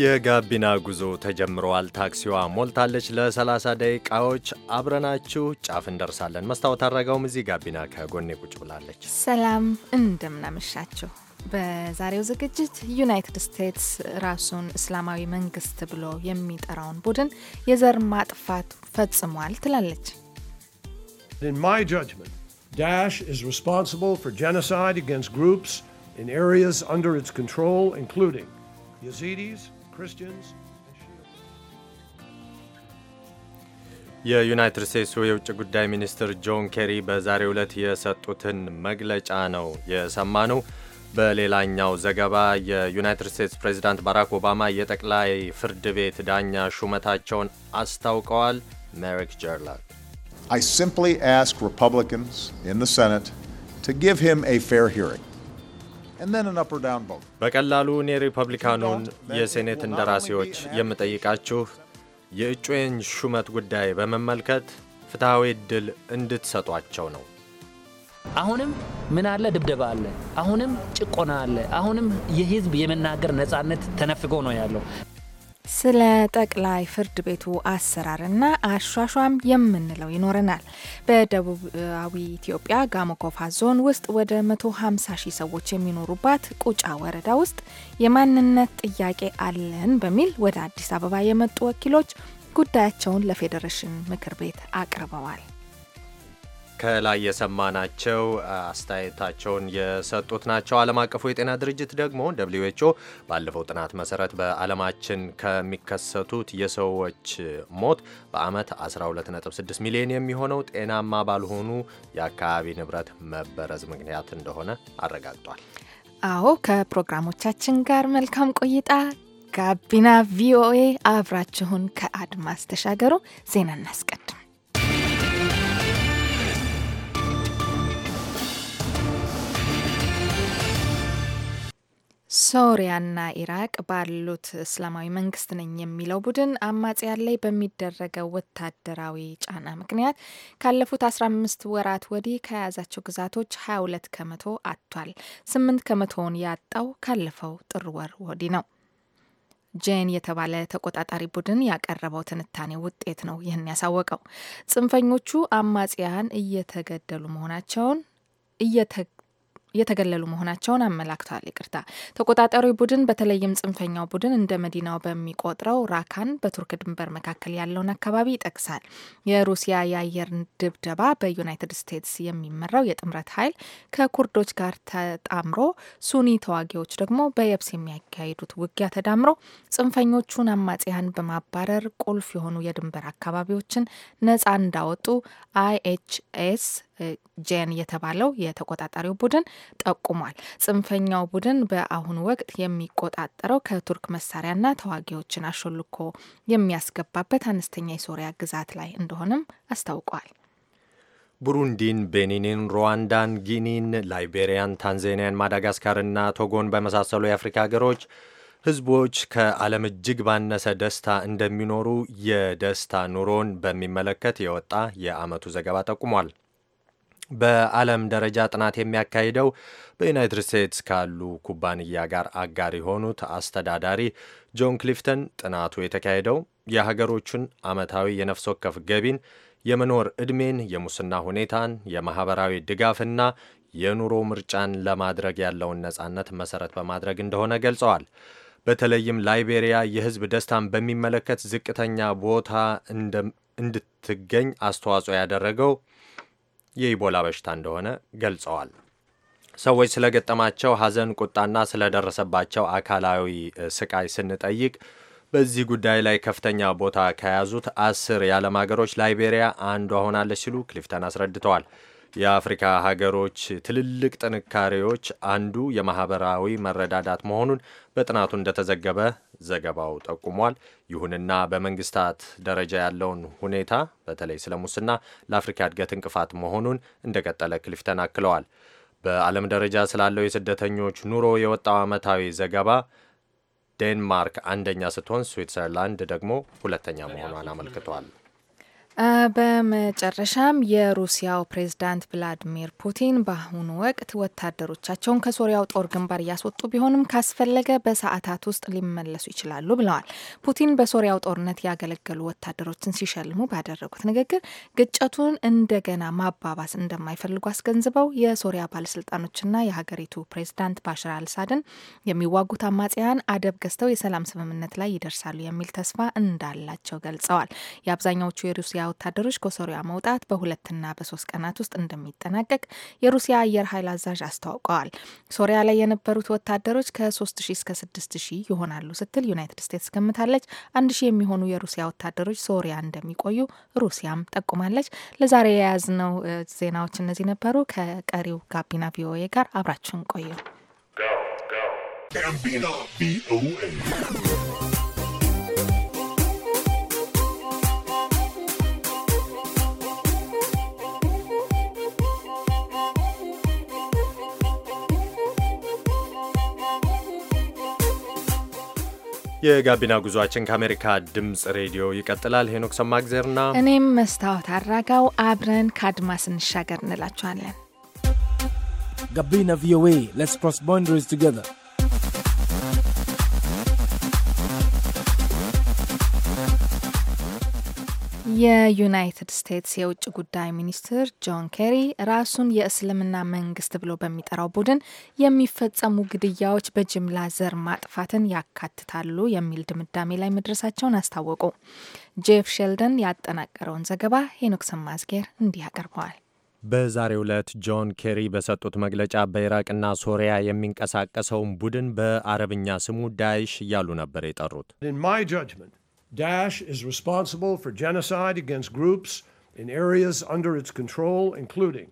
የጋቢና ጉዞ ተጀምረዋል። ታክሲዋ ሞልታለች። ለ30 ደቂቃዎች አብረናችሁ ጫፍ እንደርሳለን። መስታወት አረጋውም እዚህ ጋቢና ከጎኔ ቁጭ ብላለች። ሰላም እንደምናመሻችሁ። በዛሬው ዝግጅት ዩናይትድ ስቴትስ ራሱን እስላማዊ መንግስት ብሎ የሚጠራውን ቡድን የዘር ማጥፋት ፈጽሟል ትላለች። In my judgment, Daesh is responsible for genocide against groups in areas under its control, including Yazidis, Christians የዩናይትድ ስቴትሱ የውጭ ጉዳይ ሚኒስትር ጆን ኬሪ በዛሬው ዕለት የሰጡትን መግለጫ ነው የሰማነው። በሌላኛው ዘገባ የዩናይትድ ስቴትስ ፕሬዚዳንት ባራክ ኦባማ የጠቅላይ ፍርድ ቤት ዳኛ ሹመታቸውን አስታውቀዋል። ሜሪክ ጀርላንድ ሪፐብሊካንስ simply ask Republicans in the Senate በቀላሉ እኔ ሪፐብሊካኑን የሴኔት እንደራሴዎች የምጠይቃችሁ የእጩዬን ሹመት ጉዳይ በመመልከት ፍትሐዊ ዕድል እንድትሰጧቸው ነው። አሁንም ምን አለ? ድብደባ አለ። አሁንም ጭቆና አለ። አሁንም የህዝብ የመናገር ነጻነት ተነፍጎ ነው ያለው። ስለ ጠቅላይ ፍርድ ቤቱ አሰራርና አሿሿም የምንለው ይኖረናል። በደቡባዊ ኢትዮጵያ ጋሞኮፋ ዞን ውስጥ ወደ 150 ሺህ ሰዎች የሚኖሩባት ቁጫ ወረዳ ውስጥ የማንነት ጥያቄ አለን በሚል ወደ አዲስ አበባ የመጡ ወኪሎች ጉዳያቸውን ለፌዴሬሽን ምክር ቤት አቅርበዋል። ከላይ የሰማናቸው አስተያየታቸውን የሰጡት ናቸው። ዓለም አቀፉ የጤና ድርጅት ደግሞ ደብሊው ኤች ኦ ባለፈው ጥናት መሰረት በዓለማችን ከሚከሰቱት የሰዎች ሞት በአመት 126 ሚሊዮን የሚሆነው ጤናማ ባልሆኑ የአካባቢ ንብረት መበረዝ ምክንያት እንደሆነ አረጋግጧል። አዎ፣ ከፕሮግራሞቻችን ጋር መልካም ቆይታ። ጋቢና ቪኦኤ አብራችሁን ከአድማስ ተሻገሩ። ዜና እናስቀድም። ሶሪያና ኢራቅ ባሉት እስላማዊ መንግስት ነኝ የሚለው ቡድን አማጽያን ላይ በሚደረገው ወታደራዊ ጫና ምክንያት ካለፉት 15 ወራት ወዲህ ከያዛቸው ግዛቶች 22 ከመቶ አጥቷል። 8 ከመቶውን ያጣው ካለፈው ጥር ወር ወዲህ ነው። ጄን የተባለ ተቆጣጣሪ ቡድን ያቀረበው ትንታኔ ውጤት ነው ይህን ያሳወቀው። ጽንፈኞቹ አማጽያን እየተገደሉ መሆናቸውን እየተ የተገለሉ መሆናቸውን አመላክቷል። ይቅርታ ተቆጣጣሪ ቡድን በተለይም ጽንፈኛው ቡድን እንደ መዲናው በሚቆጥረው ራካን በቱርክ ድንበር መካከል ያለውን አካባቢ ይጠቅሳል። የሩሲያ የአየር ድብደባ በዩናይትድ ስቴትስ የሚመራው የጥምረት ኃይል ከኩርዶች ጋር ተጣምሮ፣ ሱኒ ተዋጊዎች ደግሞ በየብስ የሚያካሂዱት ውጊያ ተዳምሮ ጽንፈኞቹን አማጽያን በማባረር ቁልፍ የሆኑ የድንበር አካባቢዎችን ነጻ እንዳወጡ አይኤችኤስ ጄን የተባለው የተቆጣጣሪው ቡድን ጠቁሟል። ጽንፈኛው ቡድን በአሁኑ ወቅት የሚቆጣጠረው ከቱርክ መሳሪያና ተዋጊዎችን አሾልኮ የሚያስገባበት አነስተኛ የሶሪያ ግዛት ላይ እንደሆነም አስታውቋል። ቡሩንዲን፣ ቤኒንን፣ ሩዋንዳን፣ ጊኒን፣ ላይቤሪያን፣ ታንዛኒያን፣ ማዳጋስካርና ቶጎን በመሳሰሉ የአፍሪካ ሀገሮች ህዝቦች ከዓለም እጅግ ባነሰ ደስታ እንደሚኖሩ የደስታ ኑሮን በሚመለከት የወጣ የዓመቱ ዘገባ ጠቁሟል። በዓለም ደረጃ ጥናት የሚያካሂደው በዩናይትድ ስቴትስ ካሉ ኩባንያ ጋር አጋር የሆኑት አስተዳዳሪ ጆን ክሊፍተን ጥናቱ የተካሄደው የሀገሮቹን ዓመታዊ የነፍስ ወከፍ ገቢን፣ የመኖር ዕድሜን፣ የሙስና ሁኔታን፣ የማኅበራዊ ድጋፍና የኑሮ ምርጫን ለማድረግ ያለውን ነጻነት መሠረት በማድረግ እንደሆነ ገልጸዋል። በተለይም ላይቤሪያ የሕዝብ ደስታን በሚመለከት ዝቅተኛ ቦታ እንድትገኝ አስተዋጽኦ ያደረገው የኢቦላ በሽታ እንደሆነ ገልጸዋል። ሰዎች ስለገጠማቸው ሐዘን፣ ቁጣና ስለደረሰባቸው አካላዊ ስቃይ ስንጠይቅ በዚህ ጉዳይ ላይ ከፍተኛ ቦታ ከያዙት አስር የዓለም ሀገሮች ላይቤሪያ አንዷ ሆናለች ሲሉ ክሊፍተን አስረድተዋል። የአፍሪካ ሀገሮች ትልልቅ ጥንካሬዎች አንዱ የማህበራዊ መረዳዳት መሆኑን በጥናቱ እንደተዘገበ ዘገባው ጠቁሟል። ይሁንና በመንግስታት ደረጃ ያለውን ሁኔታ በተለይ ስለ ሙስና ለአፍሪካ እድገት እንቅፋት መሆኑን እንደቀጠለ ክሊፍተን አክለዋል። በዓለም ደረጃ ስላለው የስደተኞች ኑሮ የወጣው ዓመታዊ ዘገባ ዴንማርክ አንደኛ ስትሆን ስዊትዘርላንድ ደግሞ ሁለተኛ መሆኗን አመልክቷል። በመጨረሻም የሩሲያው ፕሬዝዳንት ቭላዲሚር ፑቲን በአሁኑ ወቅት ወታደሮቻቸውን ከሶሪያው ጦር ግንባር እያስወጡ ቢሆንም ካስፈለገ በሰዓታት ውስጥ ሊመለሱ ይችላሉ ብለዋል። ፑቲን በሶሪያው ጦርነት ያገለገሉ ወታደሮችን ሲሸልሙ ባደረጉት ንግግር ግጭቱን እንደገና ማባባስ እንደማይፈልጉ አስገንዝበው የሶሪያ ባለስልጣኖችና የሀገሪቱ ፕሬዝዳንት ባሻር አልሳድን የሚዋጉት አማጽያን አደብ ገዝተው የሰላም ስምምነት ላይ ይደርሳሉ የሚል ተስፋ እንዳላቸው ገልጸዋል። የአብዛኛዎቹ የሩሲያ ወታደሮች ከሶሪያ መውጣት በሁለትና በሶስት ቀናት ውስጥ እንደሚጠናቀቅ የሩሲያ አየር ኃይል አዛዥ አስታውቀዋል። ሶሪያ ላይ የነበሩት ወታደሮች ከ3000 እስከ 6000 ይሆናሉ ስትል ዩናይትድ ስቴትስ ገምታለች። 1000 የሚሆኑ የሩሲያ ወታደሮች ሶሪያ እንደሚቆዩ ሩሲያም ጠቁማለች። ለዛሬ የያዝነው ዜናዎች እነዚህ ነበሩ። ከቀሪው ጋቢና ቪኦኤ ጋር አብራችሁን ቆዩ። የጋቢና ጉዟችን ከአሜሪካ ድምፅ ሬዲዮ ይቀጥላል። ሄኖክ ሰማግዜርና እኔም መስታወት አራጋው አብረን ከአድማስ እንሻገር እንላችኋለን። ጋቢና ቪኦኤ ስ ክሮስ ባውንደሪስ የዩናይትድ ስቴትስ የውጭ ጉዳይ ሚኒስትር ጆን ኬሪ ራሱን የእስልምና መንግስት ብሎ በሚጠራው ቡድን የሚፈጸሙ ግድያዎች በጅምላ ዘር ማጥፋትን ያካትታሉ የሚል ድምዳሜ ላይ መድረሳቸውን አስታወቁ። ጄፍ ሼልደን ያጠናቀረውን ዘገባ ሄኖክ ሰማዝጌር እንዲህ ያቀርበዋል። በዛሬው ዕለት ጆን ኬሪ በሰጡት መግለጫ በኢራቅና ሶሪያ የሚንቀሳቀሰውን ቡድን በአረብኛ ስሙ ዳይሽ እያሉ ነበር የጠሩት። Daesh is responsible for genocide against groups in areas under its control, including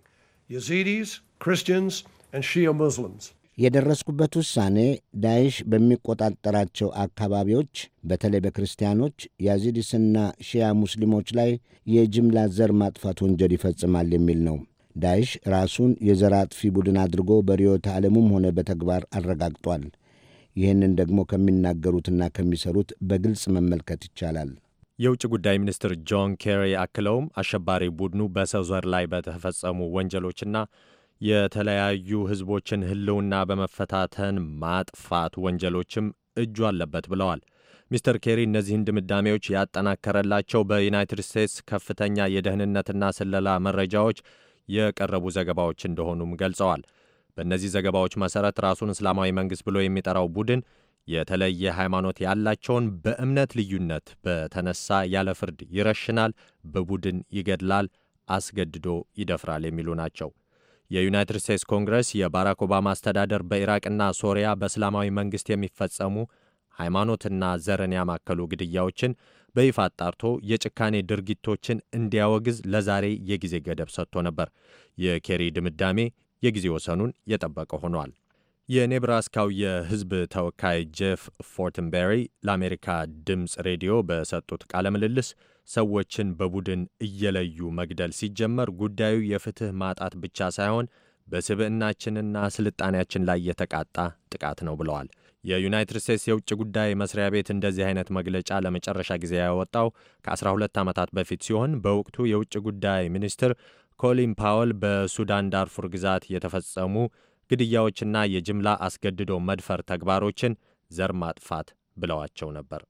Yazidis, Christians, and Shia Muslims. የደረስኩበት ውሳኔ ዳይሽ በሚቆጣጠራቸው አካባቢዎች በተለይ በክርስቲያኖች ያዚዲስና ሺያ ሙስሊሞች ላይ የጅምላ ዘር ማጥፋት ወንጀል ይፈጽማል የሚል ነው። ዳይሽ ራሱን የዘር አጥፊ ቡድን አድርጎ በርዕዮተ ዓለሙም ሆነ በተግባር አረጋግጧል። ይህንን ደግሞ ከሚናገሩትና ከሚሰሩት በግልጽ መመልከት ይቻላል። የውጭ ጉዳይ ሚኒስትር ጆን ኬሪ አክለውም አሸባሪ ቡድኑ በሰው ዘር ላይ በተፈጸሙ ወንጀሎችና የተለያዩ ሕዝቦችን ሕልውና በመፈታተን ማጥፋት ወንጀሎችም እጁ አለበት ብለዋል። ሚስተር ኬሪ እነዚህን ድምዳሜዎች ያጠናከረላቸው በዩናይትድ ስቴትስ ከፍተኛ የደህንነትና ስለላ መረጃዎች የቀረቡ ዘገባዎች እንደሆኑም ገልጸዋል። በእነዚህ ዘገባዎች መሰረት ራሱን እስላማዊ መንግሥት ብሎ የሚጠራው ቡድን የተለየ ሃይማኖት ያላቸውን በእምነት ልዩነት በተነሳ ያለ ፍርድ ይረሽናል፣ በቡድን ይገድላል፣ አስገድዶ ይደፍራል የሚሉ ናቸው። የዩናይትድ ስቴትስ ኮንግረስ የባራክ ኦባማ አስተዳደር በኢራቅና ሶሪያ በእስላማዊ መንግሥት የሚፈጸሙ ሃይማኖትና ዘርን ያማከሉ ግድያዎችን በይፋ አጣርቶ የጭካኔ ድርጊቶችን እንዲያወግዝ ለዛሬ የጊዜ ገደብ ሰጥቶ ነበር። የኬሪ ድምዳሜ የጊዜ ወሰኑን የጠበቀ ሆኗል። የኔብራስካው የሕዝብ ተወካይ ጄፍ ፎርትንበሪ ለአሜሪካ ድምፅ ሬዲዮ በሰጡት ቃለ ምልልስ ሰዎችን በቡድን እየለዩ መግደል ሲጀመር ጉዳዩ የፍትሕ ማጣት ብቻ ሳይሆን በስብዕናችንና ስልጣኔያችን ላይ የተቃጣ ጥቃት ነው ብለዋል። የዩናይትድ ስቴትስ የውጭ ጉዳይ መስሪያ ቤት እንደዚህ አይነት መግለጫ ለመጨረሻ ጊዜ ያወጣው ከ12 ዓመታት በፊት ሲሆን በወቅቱ የውጭ ጉዳይ ሚኒስትር ኮሊን ፓወል በሱዳን ዳርፉር ግዛት የተፈጸሙ ግድያዎችና የጅምላ አስገድዶ መድፈር ተግባሮችን ዘር ማጥፋት ብለዋቸው ነበር።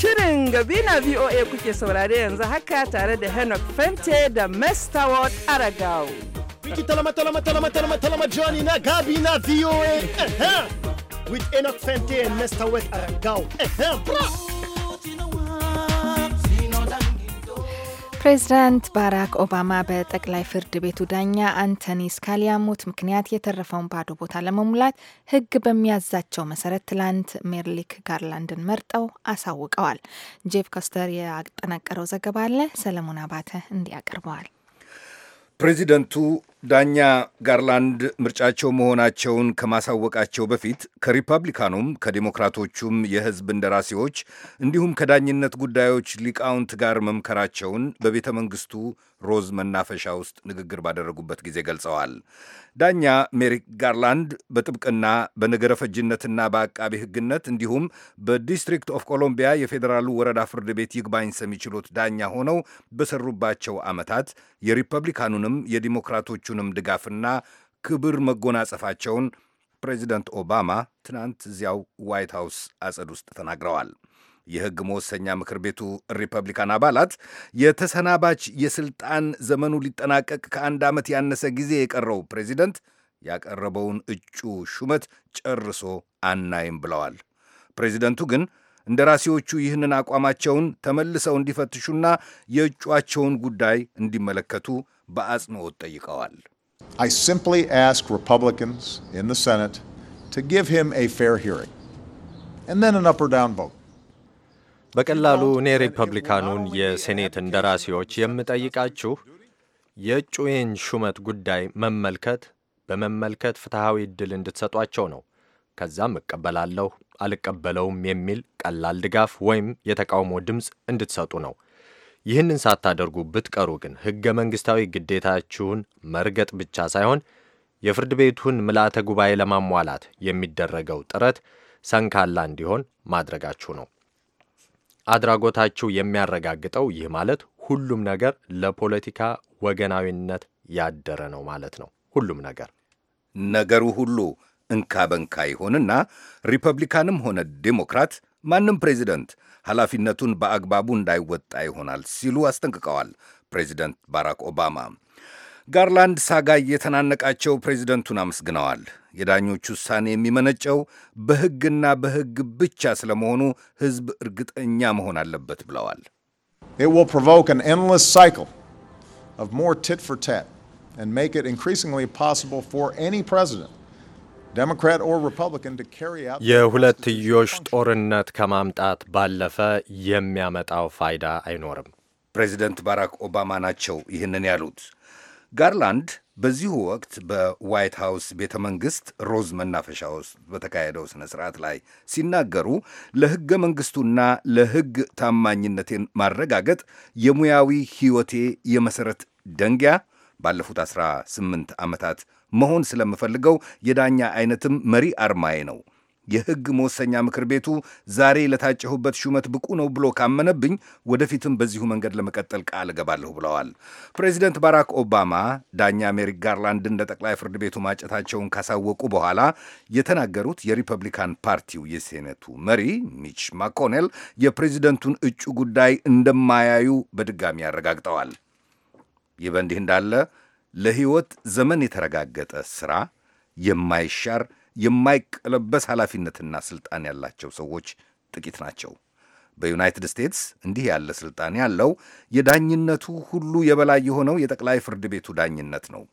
Shirin Gabina VOA kuke saurare yanzu haka tare da Henok Fente da Mestaward Aragao. Wiki talama talama talama talama talama Johnny na Gabina VOA. With Enoch Fente and Mestaward Aragao. ፕሬዚዳንት ባራክ ኦባማ በጠቅላይ ፍርድ ቤቱ ዳኛ አንቶኒ ስካሊያ ሞት ምክንያት የተረፈውን ባዶ ቦታ ለመሙላት ሕግ በሚያዛቸው መሰረት ትላንት ሜርሊክ ጋርላንድን መርጠው አሳውቀዋል። ጄፍ ኮስተር ያጠናቀረው ዘገባ አለ። ሰለሞን አባተ እንዲያቀርበዋል። ፕሬዚደንቱ ዳኛ ጋርላንድ ምርጫቸው መሆናቸውን ከማሳወቃቸው በፊት ከሪፐብሊካኑም ከዴሞክራቶቹም የሕዝብ እንደራሴዎች እንዲሁም ከዳኝነት ጉዳዮች ሊቃውንት ጋር መምከራቸውን በቤተ መንግሥቱ ሮዝ መናፈሻ ውስጥ ንግግር ባደረጉበት ጊዜ ገልጸዋል። ዳኛ ሜሪክ ጋርላንድ በጥብቅና በነገረ ፈጅነትና በአቃቢ ሕግነት እንዲሁም በዲስትሪክት ኦፍ ኮሎምቢያ የፌዴራሉ ወረዳ ፍርድ ቤት ይግባኝ ሰሚ ችሎት ዳኛ ሆነው በሰሩባቸው ዓመታት የሪፐብሊካኑንም የዲሞክራቶቹ የሁላችሁንም ድጋፍና ክብር መጎናጸፋቸውን ፕሬዚደንት ኦባማ ትናንት እዚያው ዋይት ሃውስ አጸድ ውስጥ ተናግረዋል። የሕግ መወሰኛ ምክር ቤቱ ሪፐብሊካን አባላት የተሰናባች የስልጣን ዘመኑ ሊጠናቀቅ ከአንድ ዓመት ያነሰ ጊዜ የቀረው ፕሬዚደንት ያቀረበውን እጩ ሹመት ጨርሶ አናይም ብለዋል። ፕሬዚደንቱ ግን እንደራሴዎቹ ይህንን አቋማቸውን ተመልሰው እንዲፈትሹና የእጩአቸውን ጉዳይ እንዲመለከቱ በአጽንኦት ጠይቀዋል። I simply ask Republicans in the Senate to give him a fair hearing and then an up or down vote. በቀላሉ እኔ ሪፐብሊካኑን የሴኔት እንደራሴዎች የምጠይቃችሁ የእጩዬን ሹመት ጉዳይ መመልከት በመመልከት ፍትሐዊ ዕድል እንድትሰጧቸው ነው። ከዛም እቀበላለሁ አልቀበለውም የሚል ቀላል ድጋፍ ወይም የተቃውሞ ድምፅ እንድትሰጡ ነው። ይህንን ሳታደርጉ ብትቀሩ ግን ሕገ መንግሥታዊ ግዴታችሁን መርገጥ ብቻ ሳይሆን የፍርድ ቤቱን ምልአተ ጉባኤ ለማሟላት የሚደረገው ጥረት ሰንካላ እንዲሆን ማድረጋችሁ ነው። አድራጎታችሁ የሚያረጋግጠው ይህ ማለት ሁሉም ነገር ለፖለቲካ ወገናዊነት ያደረ ነው ማለት ነው። ሁሉም ነገር ነገሩ ሁሉ እንካ በንካ ይሆንና ሪፐብሊካንም ሆነ ዴሞክራት ማንም ፕሬዚደንት ኃላፊነቱን በአግባቡ እንዳይወጣ ይሆናል ሲሉ አስጠንቅቀዋል። ፕሬዚደንት ባራክ ኦባማ ጋርላንድ ሳጋይ የተናነቃቸው ፕሬዚደንቱን አመስግነዋል። የዳኞች ውሳኔ የሚመነጨው በሕግና በሕግ ብቻ ስለመሆኑ ሕዝብ እርግጠኛ መሆን አለበት ብለዋል። ት የሁለትዮሽ ጦርነት ከማምጣት ባለፈ የሚያመጣው ፋይዳ አይኖርም። ፕሬዚደንት ባራክ ኦባማ ናቸው ይህንን ያሉት። ጋርላንድ በዚሁ ወቅት በዋይት ሃውስ ቤተ መንግሥት ሮዝ መናፈሻ ውስጥ በተካሄደው ሥነ ሥርዓት ላይ ሲናገሩ ለሕገ መንግሥቱና ለሕግ ታማኝነቴን ማረጋገጥ የሙያዊ ሕይወቴ የመሠረት ደንጊያ ባለፉት 18 ዓመታት መሆን ስለምፈልገው የዳኛ አይነትም መሪ አርማዬ ነው። የሕግ መወሰኛ ምክር ቤቱ ዛሬ ለታጨሁበት ሹመት ብቁ ነው ብሎ ካመነብኝ ወደፊትም በዚሁ መንገድ ለመቀጠል ቃል እገባለሁ ብለዋል። ፕሬዚደንት ባራክ ኦባማ ዳኛ ሜሪክ ጋርላንድን ለጠቅላይ ፍርድ ቤቱ ማጨታቸውን ካሳወቁ በኋላ የተናገሩት የሪፐብሊካን ፓርቲው የሴኔቱ መሪ ሚች ማኮኔል የፕሬዚደንቱን እጩ ጉዳይ እንደማያዩ በድጋሚ አረጋግጠዋል። ይህ በእንዲህ እንዳለ ለሕይወት ዘመን የተረጋገጠ ሥራ የማይሻር የማይቀለበስ ኃላፊነትና ሥልጣን ያላቸው ሰዎች ጥቂት ናቸው። በዩናይትድ ስቴትስ እንዲህ ያለ ሥልጣን ያለው የዳኝነቱ ሁሉ የበላይ የሆነው የጠቅላይ ፍርድ ቤቱ ዳኝነት ነው።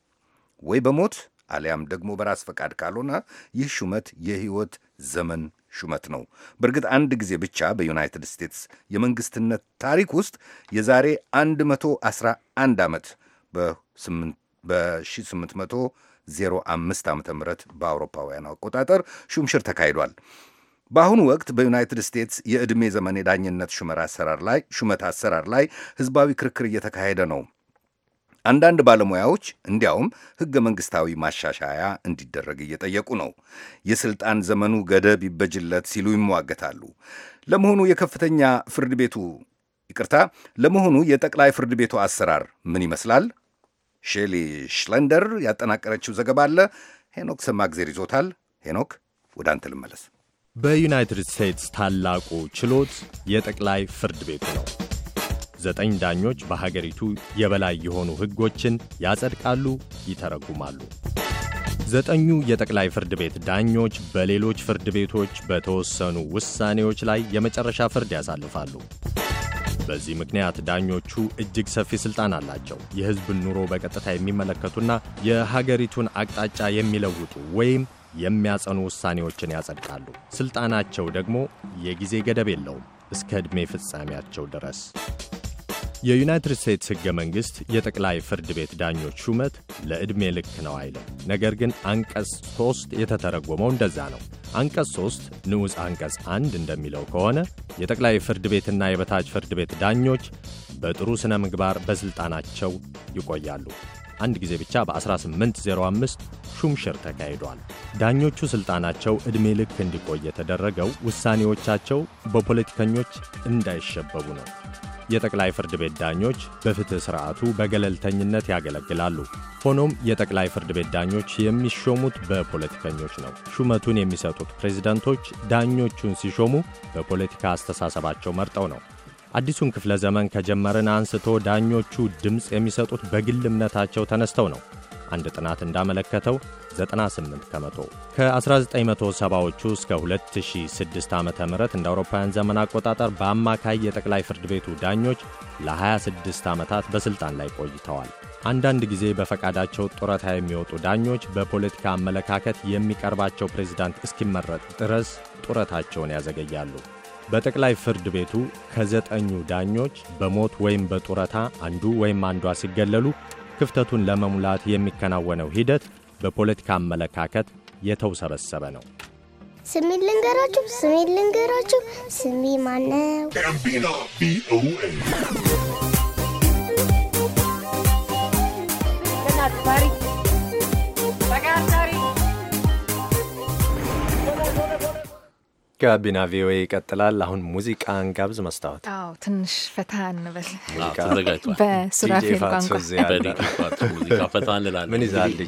ወይ በሞት አሊያም ደግሞ በራስ ፈቃድ ካልሆነ ይህ ሹመት የሕይወት ዘመን ሹመት ነው። በእርግጥ አንድ ጊዜ ብቻ በዩናይትድ ስቴትስ የመንግሥትነት ታሪክ ውስጥ የዛሬ 111 ዓመት በ8 በ1805 ዓ ም በአውሮፓውያን አቆጣጠር ሹምሽር ተካሂዷል። በአሁኑ ወቅት በዩናይትድ ስቴትስ የዕድሜ ዘመን የዳኝነት ሹመት አሰራር ላይ ሹመት አሰራር ላይ ህዝባዊ ክርክር እየተካሄደ ነው። አንዳንድ ባለሙያዎች እንዲያውም ህገ መንግስታዊ ማሻሻያ እንዲደረግ እየጠየቁ ነው። የስልጣን ዘመኑ ገደብ ይበጅለት ሲሉ ይሟገታሉ። ለመሆኑ የከፍተኛ ፍርድ ቤቱ ይቅርታ፣ ለመሆኑ የጠቅላይ ፍርድ ቤቱ አሰራር ምን ይመስላል? ሼሊ ሽለንደር ያጠናቀረችው ዘገባ አለ። ሄኖክ ሰማግዜር ይዞታል። ሄኖክ ወደ አንተ ልመለስ። በዩናይትድ ስቴትስ ታላቁ ችሎት የጠቅላይ ፍርድ ቤት ነው። ዘጠኝ ዳኞች በሀገሪቱ የበላይ የሆኑ ሕጎችን ያጸድቃሉ፣ ይተረጉማሉ። ዘጠኙ የጠቅላይ ፍርድ ቤት ዳኞች በሌሎች ፍርድ ቤቶች በተወሰኑ ውሳኔዎች ላይ የመጨረሻ ፍርድ ያሳልፋሉ። በዚህ ምክንያት ዳኞቹ እጅግ ሰፊ ስልጣን አላቸው። የህዝብን ኑሮ በቀጥታ የሚመለከቱና የሀገሪቱን አቅጣጫ የሚለውጡ ወይም የሚያጸኑ ውሳኔዎችን ያጸድቃሉ። ስልጣናቸው ደግሞ የጊዜ ገደብ የለውም እስከ ዕድሜ ፍጻሜያቸው ድረስ። የዩናይትድ ስቴትስ ሕገ መንግሥት የጠቅላይ ፍርድ ቤት ዳኞች ሹመት ለዕድሜ ልክ ነው አይልም። ነገር ግን አንቀጽ ሦስት የተተረጎመው እንደዛ ነው። አንቀጽ 3 ንዑስ አንቀጽ 1 እንደሚለው ከሆነ የጠቅላይ ፍርድ ቤትና የበታች ፍርድ ቤት ዳኞች በጥሩ ሥነ ምግባር በሥልጣናቸው ይቆያሉ። አንድ ጊዜ ብቻ በ1805 ሹምሽር ተካሂዷል። ዳኞቹ ሥልጣናቸው ዕድሜ ልክ እንዲቆይ የተደረገው ውሳኔዎቻቸው በፖለቲከኞች እንዳይሸበቡ ነው። የጠቅላይ ፍርድ ቤት ዳኞች በፍትሕ ሥርዓቱ በገለልተኝነት ያገለግላሉ። ሆኖም የጠቅላይ ፍርድ ቤት ዳኞች የሚሾሙት በፖለቲከኞች ነው። ሹመቱን የሚሰጡት ፕሬዝደንቶች ዳኞቹን ሲሾሙ በፖለቲካ አስተሳሰባቸው መርጠው ነው። አዲሱን ክፍለ ዘመን ከጀመርን አንስቶ ዳኞቹ ድምፅ የሚሰጡት በግል እምነታቸው ተነስተው ነው። አንድ ጥናት እንዳመለከተው 98 ከመቶ ከ1970ዎቹ እስከ 2006 ዓ ም እንደ አውሮፓውያን ዘመን አቆጣጠር በአማካይ የጠቅላይ ፍርድ ቤቱ ዳኞች ለ26 ዓመታት በሥልጣን ላይ ቆይተዋል። አንዳንድ ጊዜ በፈቃዳቸው ጡረታ የሚወጡ ዳኞች በፖለቲካ አመለካከት የሚቀርባቸው ፕሬዝዳንት እስኪመረጥ ድረስ ጡረታቸውን ያዘገያሉ። በጠቅላይ ፍርድ ቤቱ ከዘጠኙ ዳኞች በሞት ወይም በጡረታ አንዱ ወይም አንዷ ሲገለሉ ክፍተቱን ለመሙላት የሚከናወነው ሂደት በፖለቲካ አመለካከት የተውሰበሰበ ነው። ስሜን ልንገራችሁ፣ ስሜን ልንገራችሁ፣ ስሜ ማነው? ጋቢና ቪኦኤ ይቀጥላል። አሁን ሙዚቃ ጋብዝ። መስታወት አዎ፣ ትንሽ ፈታ እንበል። በሱራፌል ሙዚቃ ፈታ እንላለን።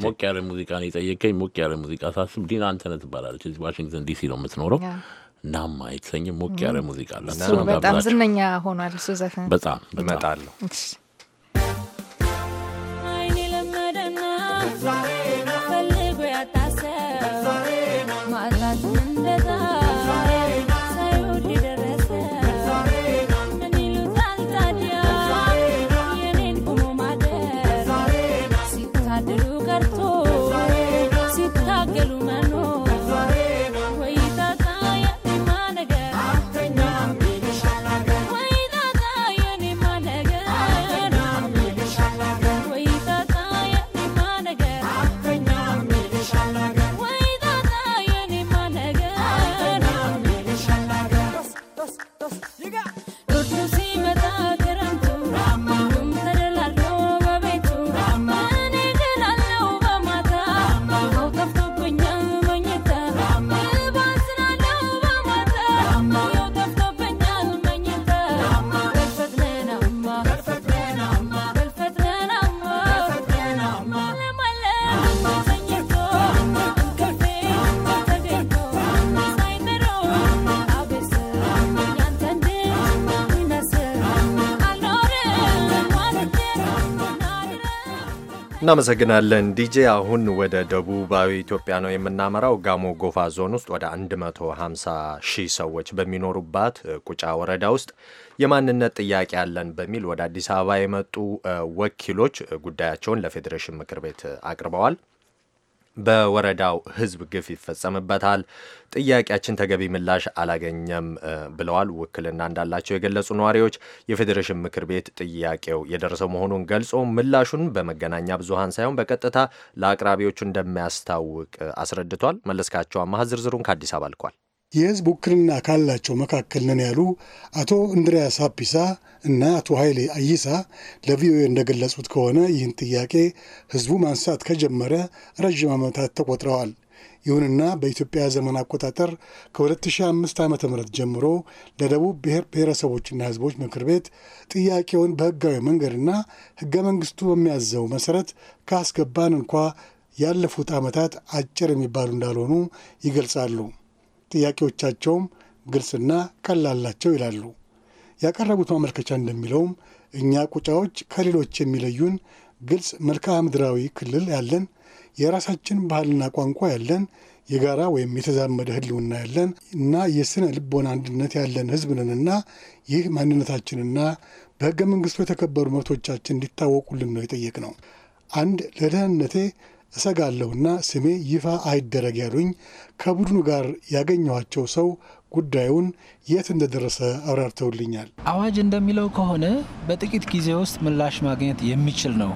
ሞቅ ያለ ሙዚቃ ነው የጠየቀኝ። ሞቅ ያለ ሙዚቃ ሳስብ ዲና አንተነህ ትባላለች። እዚህ ዋሽንግተን ዲሲ ነው የምትኖረው። ናማ የተሰኘ ሞቅ ያለ ሙዚቃ አላት። በጣም ዝነኛ ሆኗል እሱ ዘፈን። በጣም እመጣለሁ እናመሰግናለን ዲጄ። አሁን ወደ ደቡባዊ ኢትዮጵያ ነው የምናመራው። ጋሞ ጎፋ ዞን ውስጥ ወደ 150 ሺህ ሰዎች በሚኖሩባት ቁጫ ወረዳ ውስጥ የማንነት ጥያቄ አለን በሚል ወደ አዲስ አበባ የመጡ ወኪሎች ጉዳያቸውን ለፌዴሬሽን ምክር ቤት አቅርበዋል። በወረዳው ህዝብ ግፍ ይፈጸምበታል። ጥያቄያችን ተገቢ ምላሽ አላገኘም ብለዋል ውክልና እንዳላቸው የገለጹ ነዋሪዎች። የፌዴሬሽን ምክር ቤት ጥያቄው የደረሰው መሆኑን ገልጾ ምላሹን በመገናኛ ብዙሃን ሳይሆን በቀጥታ ለአቅራቢዎቹ እንደሚያስታውቅ አስረድቷል። መለስካቸው አማህ ዝርዝሩን ከአዲስ አበባ ልኳል። የህዝብ ውክልና ካላቸው መካከል ነን ያሉ አቶ እንድሪያስ ሀፒሳ እና አቶ ኃይሌ አይሳ ለቪኦኤ እንደገለጹት ከሆነ ይህን ጥያቄ ህዝቡ ማንሳት ከጀመረ ረዥም ዓመታት ተቆጥረዋል። ይሁንና በኢትዮጵያ ዘመን አቆጣጠር ከ2005 ዓ ም ጀምሮ ለደቡብ ብሔር ብሔረሰቦችና ህዝቦች ምክር ቤት ጥያቄውን በህጋዊ መንገድና ህገ መንግስቱ በሚያዘው መሰረት ካስገባን እንኳ ያለፉት ዓመታት አጭር የሚባሉ እንዳልሆኑ ይገልጻሉ። ጥያቄዎቻቸውም ግልጽና ቀላላቸው ይላሉ። ያቀረቡት ማመልከቻ እንደሚለውም እኛ ቁጫዎች ከሌሎች የሚለዩን ግልጽ መልክዓ ምድራዊ ክልል ያለን፣ የራሳችን ባህልና ቋንቋ ያለን፣ የጋራ ወይም የተዛመደ ህልውና ያለን እና የስነ ልቦና አንድነት ያለን ሕዝብ ነንና ይህ ማንነታችንና በህገ መንግስቱ የተከበሩ መብቶቻችን እንዲታወቁልን ነው ነው። አንድ ለደህንነቴ እሰጋለሁና ስሜ ይፋ አይደረግ ያሉኝ ከቡድኑ ጋር ያገኘኋቸው ሰው ጉዳዩን የት እንደደረሰ አብራርተውልኛል። አዋጅ እንደሚለው ከሆነ በጥቂት ጊዜ ውስጥ ምላሽ ማግኘት የሚችል ነው።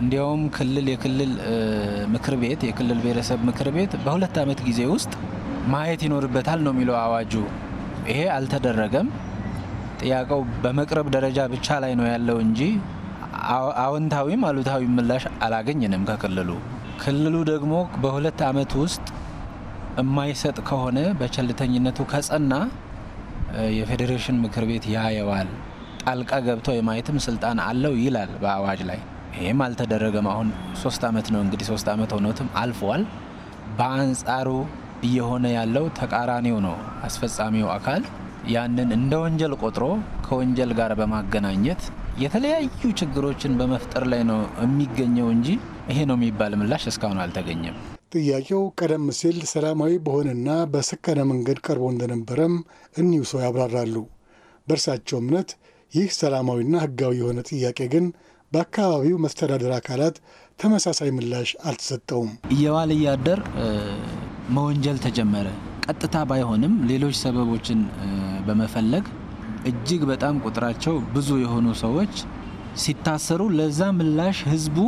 እንዲያውም ክልል የክልል ምክር ቤት የክልል ብሔረሰብ ምክር ቤት በሁለት ዓመት ጊዜ ውስጥ ማየት ይኖርበታል ነው የሚለው አዋጁ። ይሄ አልተደረገም። ጥያቄው በመቅረብ ደረጃ ብቻ ላይ ነው ያለው እንጂ አዎንታዊም አሉታዊ ምላሽ አላገኝንም ከክልሉ። ክልሉ ደግሞ በሁለት ዓመት ውስጥ የማይሰጥ ከሆነ በቸልተኝነቱ ከጸና የፌዴሬሽን ምክር ቤት ያየዋል፣ ጣልቃ ገብቶ የማየትም ስልጣን አለው ይላል በአዋጅ ላይ። ይህም አልተደረገም። አሁን ሶስት ዓመት ነው እንግዲህ ሶስት ዓመት ሆኖትም አልፏል። በአንጻሩ እየሆነ ያለው ተቃራኒው ነው። አስፈጻሚው አካል ያንን እንደ ወንጀል ቆጥሮ ከወንጀል ጋር በማገናኘት የተለያዩ ችግሮችን በመፍጠር ላይ ነው የሚገኘው እንጂ ይሄ ነው የሚባል ምላሽ እስካሁን አልተገኘም። ጥያቄው ቀደም ሲል ሰላማዊ በሆነና በሰከነ መንገድ ቀርቦ እንደነበረም እኒው ሰው ያብራራሉ። በእርሳቸው እምነት ይህ ሰላማዊና ሕጋዊ የሆነ ጥያቄ ግን በአካባቢው መስተዳደር አካላት ተመሳሳይ ምላሽ አልተሰጠውም። እየዋል እያደር መወንጀል ተጀመረ። ቀጥታ ባይሆንም ሌሎች ሰበቦችን በመፈለግ እጅግ በጣም ቁጥራቸው ብዙ የሆኑ ሰዎች ሲታሰሩ ለዛ ምላሽ ህዝቡ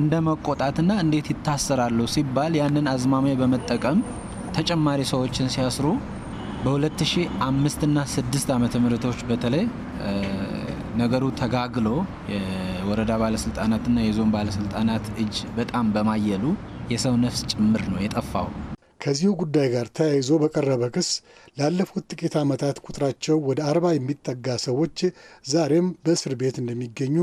እንደ መቆጣትና እንዴት ይታሰራሉ ሲባል ያንን አዝማሚያ በመጠቀም ተጨማሪ ሰዎችን ሲያስሩ በ2005 እና 6 ዓመተ ምህረቶች በተለይ ነገሩ ተጋግሎ የወረዳ ባለስልጣናትና የዞን ባለስልጣናት እጅ በጣም በማየሉ የሰው ነፍስ ጭምር ነው የጠፋው። ከዚሁ ጉዳይ ጋር ተያይዞ በቀረበ ክስ ላለፉት ጥቂት ዓመታት ቁጥራቸው ወደ አርባ የሚጠጋ ሰዎች ዛሬም በእስር ቤት እንደሚገኙ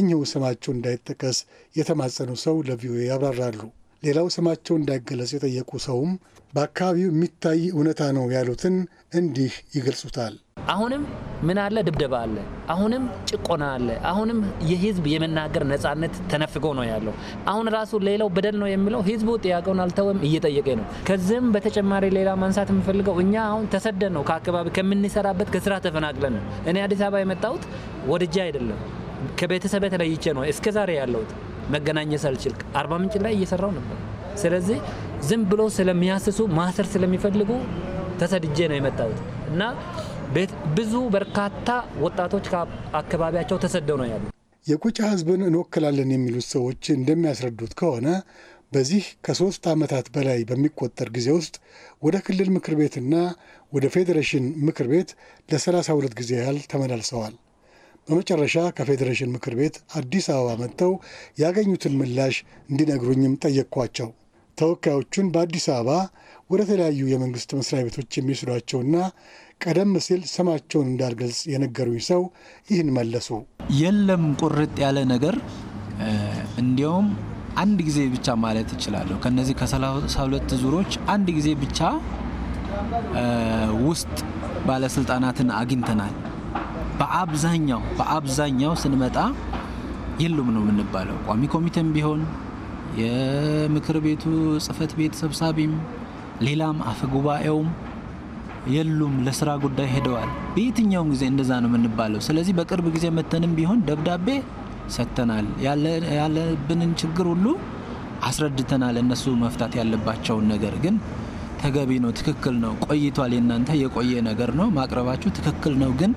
እኚሁ ስማቸው እንዳይጠቀስ የተማጸኑ ሰው ለቪኦኤ ያብራራሉ። ሌላው ስማቸው እንዳይገለጽ የጠየቁ ሰውም በአካባቢው የሚታይ እውነታ ነው ያሉትን እንዲህ ይገልጹታል። አሁንም ምን አለ? ድብደባ አለ። አሁንም ጭቆና አለ። አሁንም የህዝብ የመናገር ነጻነት ተነፍጎ ነው ያለው። አሁን ራሱ ሌላው በደል ነው የሚለው ህዝቡ ጥያቄውን አልተወም፣ እየጠየቀ ነው። ከዚህም በተጨማሪ ሌላ ማንሳት የምፈልገው እኛ አሁን ተሰደን ነው ከአካባቢ ከምንሰራበት ከስራ ተፈናቅለን ነው። እኔ አዲስ አበባ የመጣሁት ወድጄ አይደለም፣ ከቤተሰብ ተለይቼ ነው እስከዛሬ ያለሁት። መገናኘት ሳልችል አርባ ምንጭ ላይ እየሰራው ነበር። ስለዚህ ዝም ብሎ ስለሚያስሱ ማሰር ስለሚፈልጉ ተሰድጄ ነው የመጣሁት እና ብዙ በርካታ ወጣቶች አካባቢያቸው ተሰደው ነው ያሉ። የቁጫ ህዝብን እንወክላለን የሚሉት ሰዎች እንደሚያስረዱት ከሆነ በዚህ ከሶስት ዓመታት በላይ በሚቆጠር ጊዜ ውስጥ ወደ ክልል ምክር ቤትና ወደ ፌዴሬሽን ምክር ቤት ለ32 ጊዜ ያህል ተመላልሰዋል። በመጨረሻ ከፌዴሬሽን ምክር ቤት አዲስ አበባ መጥተው ያገኙትን ምላሽ እንዲነግሩኝም ጠየቅኳቸው። ተወካዮቹን በአዲስ አበባ ወደ ተለያዩ የመንግስት መስሪያ ቤቶች የሚወስዷቸውና ቀደም ሲል ስማቸውን እንዳልገልጽ የነገሩኝ ሰው ይህን መለሱ። የለም ቁርጥ ያለ ነገር እንዲያውም አንድ ጊዜ ብቻ ማለት እችላለሁ። ከነዚህ ከሰላሳ ሁለት ዙሮች አንድ ጊዜ ብቻ ውስጥ ባለስልጣናትን አግኝተናል። በአብዛኛው በአብዛኛው ስንመጣ የሉም ነው የምንባለው። ቋሚ ኮሚቴም ቢሆን የምክር ቤቱ ጽህፈት ቤት ሰብሳቢም ሌላም አፈ ጉባኤውም የሉም፣ ለስራ ጉዳይ ሄደዋል። በየትኛውም ጊዜ እንደዛ ነው የምንባለው። ስለዚህ በቅርብ ጊዜ መተንም ቢሆን ደብዳቤ ሰጥተናል። ያለብንን ችግር ሁሉ አስረድተናል። እነሱ መፍታት ያለባቸውን ነገር ግን ተገቢ ነው፣ ትክክል ነው፣ ቆይቷል። የእናንተ የቆየ ነገር ነው ማቅረባችሁ ትክክል ነው ግን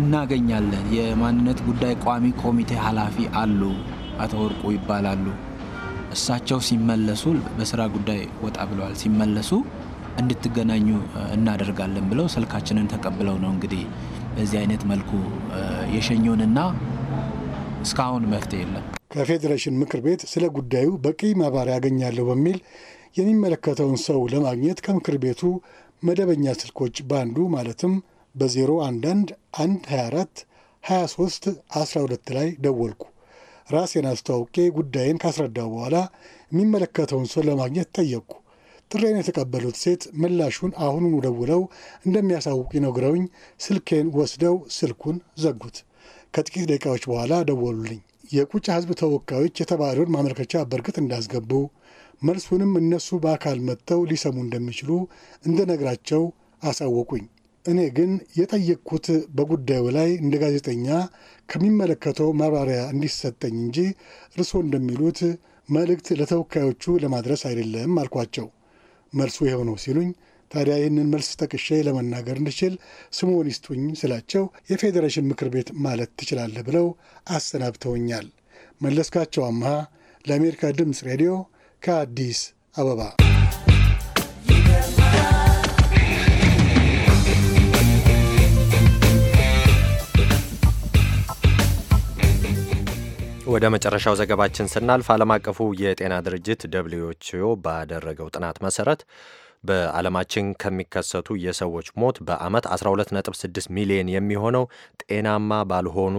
እናገኛለን። የማንነት ጉዳይ ቋሚ ኮሚቴ ኃላፊ አሉ፣ አቶ ወርቁ ይባላሉ። እሳቸው ሲመለሱ በስራ ጉዳይ ወጣ ብለዋል። ሲመለሱ እንድትገናኙ እናደርጋለን ብለው ስልካችንን ተቀብለው ነው እንግዲህ በዚህ አይነት መልኩ የሸኙንና እስካሁን መፍትሄ የለም። ከፌዴሬሽን ምክር ቤት ስለ ጉዳዩ በቂ ማብራሪያ ያገኛለሁ በሚል የሚመለከተውን ሰው ለማግኘት ከምክር ቤቱ መደበኛ ስልኮች በአንዱ ማለትም በ011 124 23 12 ላይ ደወልኩ። ራሴን አስተዋውቄ ጉዳይን ካስረዳው በኋላ የሚመለከተውን ሰው ለማግኘት ጠየቅኩ። ጥሬን የተቀበሉት ሴት ምላሹን አሁኑኑ ደውለው እንደሚያሳውቁ ይነግረውኝ ስልኬን ወስደው ስልኩን ዘጉት። ከጥቂት ደቂቃዎች በኋላ ደወሉልኝ። የቁጫ ሕዝብ ተወካዮች የተባለውን ማመልከቻ በእርግጥ እንዳስገቡ መልሱንም እነሱ በአካል መጥተው ሊሰሙ እንደሚችሉ እንደነግራቸው አሳወቁኝ። እኔ ግን የጠየቅኩት በጉዳዩ ላይ እንደ ጋዜጠኛ ከሚመለከተው ማብራሪያ እንዲሰጠኝ እንጂ እርስዎ እንደሚሉት መልእክት ለተወካዮቹ ለማድረስ አይደለም አልኳቸው። መልሱ ይኸው ነው ሲሉኝ ታዲያ ይህንን መልስ ጠቅሼ ለመናገር እንድችል ስሙን ይስጡኝ ስላቸው የፌዴሬሽን ምክር ቤት ማለት ትችላለህ ብለው አሰናብተውኛል። መለስካቸው አምሃ ለአሜሪካ ድምፅ ሬዲዮ ከአዲስ አበባ ወደ መጨረሻው ዘገባችን ስናልፍ ዓለም አቀፉ የጤና ድርጅት ደብልዩ ባደረገው ጥናት መሰረት በዓለማችን ከሚከሰቱ የሰዎች ሞት በዓመት 12.6 ሚሊዮን የሚሆነው ጤናማ ባልሆኑ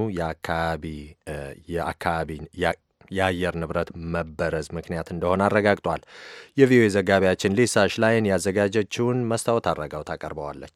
የአካባቢ የአየር ንብረት መበረዝ ምክንያት እንደሆነ አረጋግጧል። የቪኦኤ ዘጋቢያችን ሊሳ ሽላይን ያዘጋጀችውን መስታወት አረጋው ታቀርበዋለች።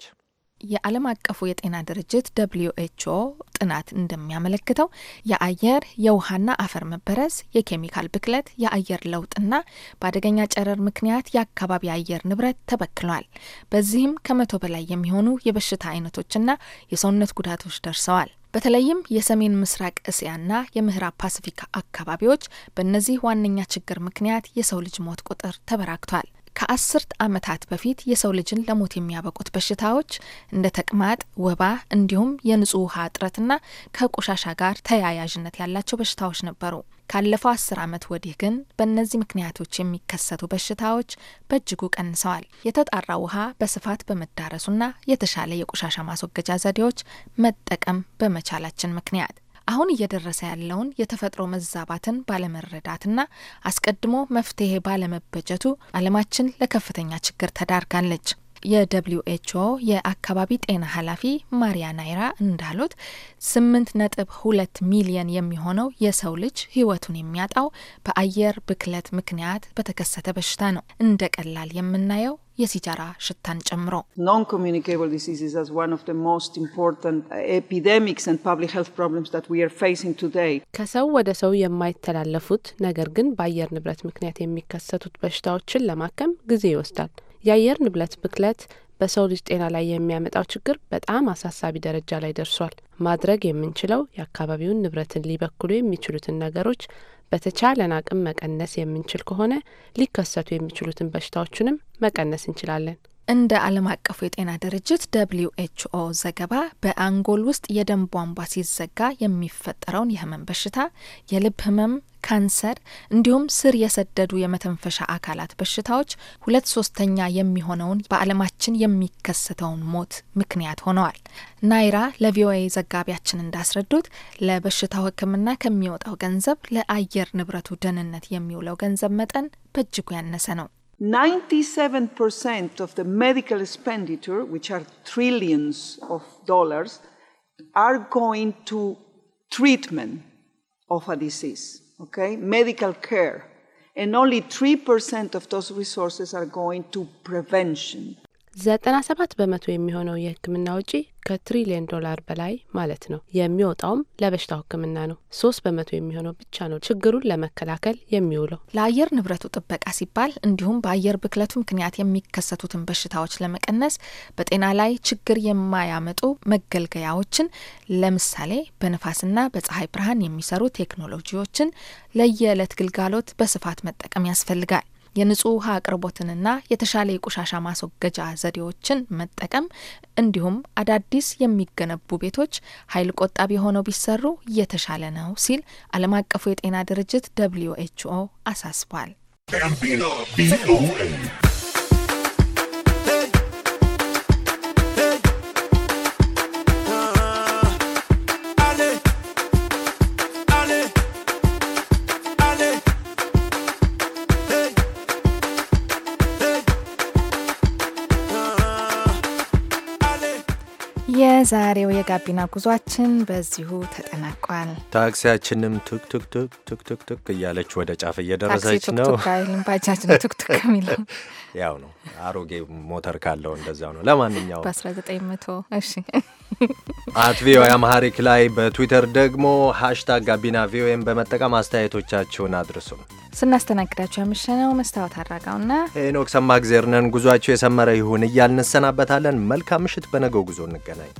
የዓለም አቀፉ የጤና ድርጅት ደብልዩ ኤች ኦ ጥናት እንደሚያመለክተው የአየር የውሃና አፈር መበረዝ፣ የኬሚካል ብክለት፣ የአየር ለውጥና በአደገኛ ጨረር ምክንያት የአካባቢ አየር ንብረት ተበክሏል። በዚህም ከመቶ በላይ የሚሆኑ የበሽታ አይነቶችና የሰውነት ጉዳቶች ደርሰዋል። በተለይም የሰሜን ምስራቅ እስያና የምህራብ ፓስፊክ አካባቢዎች በእነዚህ ዋነኛ ችግር ምክንያት የሰው ልጅ ሞት ቁጥር ተበራክቷል። ከአስርት ዓመታት በፊት የሰው ልጅን ለሞት የሚያበቁት በሽታዎች እንደ ተቅማጥ፣ ወባ እንዲሁም የንጹህ ውሃ እጥረትና ከቆሻሻ ጋር ተያያዥነት ያላቸው በሽታዎች ነበሩ። ካለፈው አስር ዓመት ወዲህ ግን በእነዚህ ምክንያቶች የሚከሰቱ በሽታዎች በእጅጉ ቀንሰዋል። የተጣራ ውሃ በስፋት በመዳረሱና የተሻለ የቆሻሻ ማስወገጃ ዘዴዎች መጠቀም በመቻላችን ምክንያት አሁን እየደረሰ ያለውን የተፈጥሮ መዛባትን ባለመረዳትና አስቀድሞ መፍትሄ ባለመበጀቱ ዓለማችን ለከፍተኛ ችግር ተዳርጋለች። የደብሊው ኤችኦ የአካባቢ ጤና ኃላፊ ማሪያ ናይራ እንዳሉት ስምንት ነጥብ ሁለት ሚሊየን የሚሆነው የሰው ልጅ ህይወቱን የሚያጣው በአየር ብክለት ምክንያት በተከሰተ በሽታ ነው። እንደ ቀላል የምናየው የሲጃራ ሽታን ጨምሮ ኖን uh, ከሰው ወደ ሰው የማይተላለፉት ነገር ግን በአየር ንብረት ምክንያት የሚከሰቱት በሽታዎችን ለማከም ጊዜ ይወስዳል። የአየር ንብረት ብክለት በሰው ልጅ ጤና ላይ የሚያመጣው ችግር በጣም አሳሳቢ ደረጃ ላይ ደርሷል። ማድረግ የምንችለው የአካባቢውን ንብረትን ሊበክሉ የሚችሉትን ነገሮች በተቻለን አቅም መቀነስ የምንችል ከሆነ ሊከሰቱ የሚችሉትን በሽታዎችንም መቀነስ እንችላለን። እንደ ዓለም አቀፉ የጤና ድርጅት ደብሊው ኤችኦ ዘገባ በአንጎል ውስጥ የደም ቧንቧ ሲዘጋ የሚፈጠረውን የህመም በሽታ፣ የልብ ህመም፣ ካንሰር እንዲሁም ስር የሰደዱ የመተንፈሻ አካላት በሽታዎች ሁለት ሶስተኛ የሚሆነውን በዓለማችን የሚከሰተውን ሞት ምክንያት ሆነዋል። ናይራ ለቪኦኤ ዘጋቢያችን እንዳስረዱት ለበሽታው ሕክምና ከሚወጣው ገንዘብ ለአየር ንብረቱ ደህንነት የሚውለው ገንዘብ መጠን በእጅጉ ያነሰ ነው። 97% of the medical expenditure, which are trillions of dollars, are going to treatment of a disease, okay? Medical care. And only 3% of those resources are going to prevention. 97 በመቶ የሚሆነው የህክምና ውጪ ከትሪሊየን ዶላር በላይ ማለት ነው የሚወጣውም ለበሽታው ህክምና ነው። ሶስት በመቶ የሚሆነው ብቻ ነው ችግሩን ለመከላከል የሚውለው። ለአየር ንብረቱ ጥበቃ ሲባል እንዲሁም በአየር ብክለቱ ምክንያት የሚከሰቱትን በሽታዎች ለመቀነስ በጤና ላይ ችግር የማያመጡ መገልገያዎችን ለምሳሌ በንፋስና በፀሐይ ብርሃን የሚሰሩ ቴክኖሎጂዎችን ለየዕለት ግልጋሎት በስፋት መጠቀም ያስፈልጋል። የንጹህ ውሃ አቅርቦትንና የተሻለ የቆሻሻ ማስወገጃ ዘዴዎችን መጠቀም እንዲሁም አዳዲስ የሚገነቡ ቤቶች ኃይል ቆጣቢ ሆነው ቢሰሩ እየተሻለ ነው ሲል ዓለም አቀፉ የጤና ድርጅት ደብልዩ ኤች ኦ አሳስቧል። የዛሬው የጋቢና ጉዟችን በዚሁ ተጠናቋል። ታክሲያችንም ቱክቱክቱክቱክቱክ እያለች ወደ ጫፍ እየደረሰች ነው። ባጃጅ ነው ቱክቱክ የሚለው ያው ነው። አሮጌ ሞተር ካለው እንደዚያው ነው። ለማንኛውም በ1900 እሺ አት ቪኦኤ አምሃሪክ ላይ በትዊተር ደግሞ ሀሽታግ ጋቢና ቪኦኤም በመጠቀም አስተያየቶቻችሁን አድርሱ። ስናስተናግዳችሁ የምሽነው መስታወት አድራጋውና ሄኖክ ሰማግዜርነን ጉዟችሁ የሰመረ ይሁን እያልን እንሰናበታለን። መልካም ምሽት። በነገው ጉዞ እንገናኝ።